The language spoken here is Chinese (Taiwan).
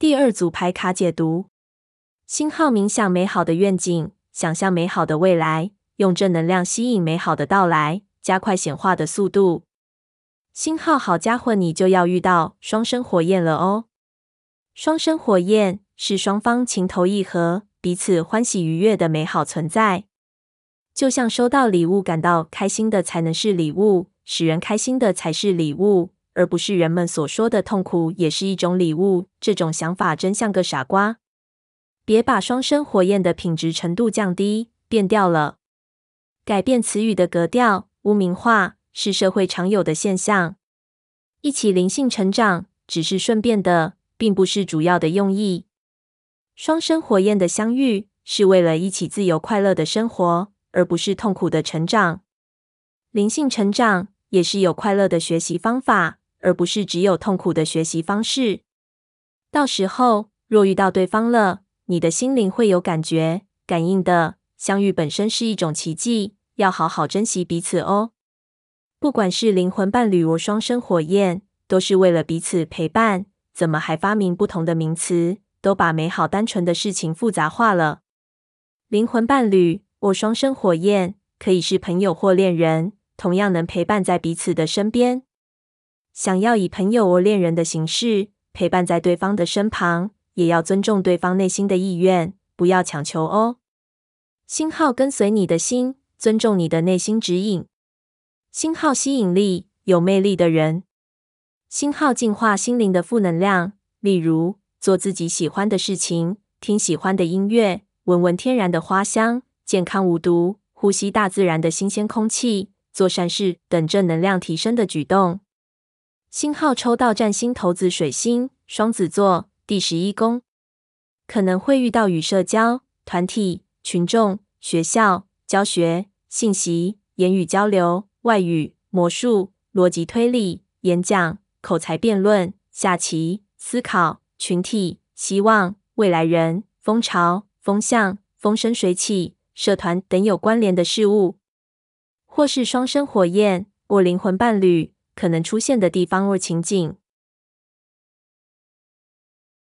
第二組牌卡解讀：星號冥想美好的願景，想象美好的未來，用正能量吸引美好的到來，加快顯化的速度。星號，好家伙，你就要遇到雙生火焰了哦！雙生火焰是雙方情投意合、彼此歡喜愉悅的美好存在，就像收到禮物感到開心的，才能是禮物；使人開心的，才是禮物。而不是人們所說的痛苦也是一種禮物，這種想法真像個傻瓜。別把雙生火焰的品質程度降低，變調了。改變詞語的格調，污名化是社會常有的現象。一起靈性成長只是順便的，並不是主要的用意。雙生火焰的相遇是為了一起自由快樂的生活，而不是痛苦的成長。靈性成長也是有快樂的學習方法。而不是只有痛苦的學習方式。到時候，若遇到對方了，你的心靈會有感覺、感應的，相遇本身是一種奇蹟，要好好珍惜彼此哦。不管是靈魂伴侶或雙生火焰，都是為了彼此陪伴，怎麼還發明不同的名詞，都把美好單純的事情複雜化了。靈魂伴侶或雙生火焰可以是朋友或戀人，同樣能陪伴在彼此的身邊。想要以朋友或戀人的形式陪伴在對方的身旁，也要尊重對方內心的意願，不要強求哦。星號跟隨你的心，尊重你的內心指引。星號吸引力有魅力的人。星號淨化心靈的負能量，例如做自己喜歡的事情，聽喜歡的音樂，聞聞天然的花香，健康無毒，呼吸大自然的新鮮空氣，做善事等正能量提升的舉動。星號抽到占星骰子，水星雙子座第十一宮，可能會遇到與社交團體、群眾、學校、教學、信息、言語交流、外語、魔術、邏輯推理、演講、口才辯論、下棋、思考、群體、希望、未來人、風潮、風向、風生水起、社團等有關聯的事物，或是雙生火焰或靈魂伴侶。可能出現的地方或情景。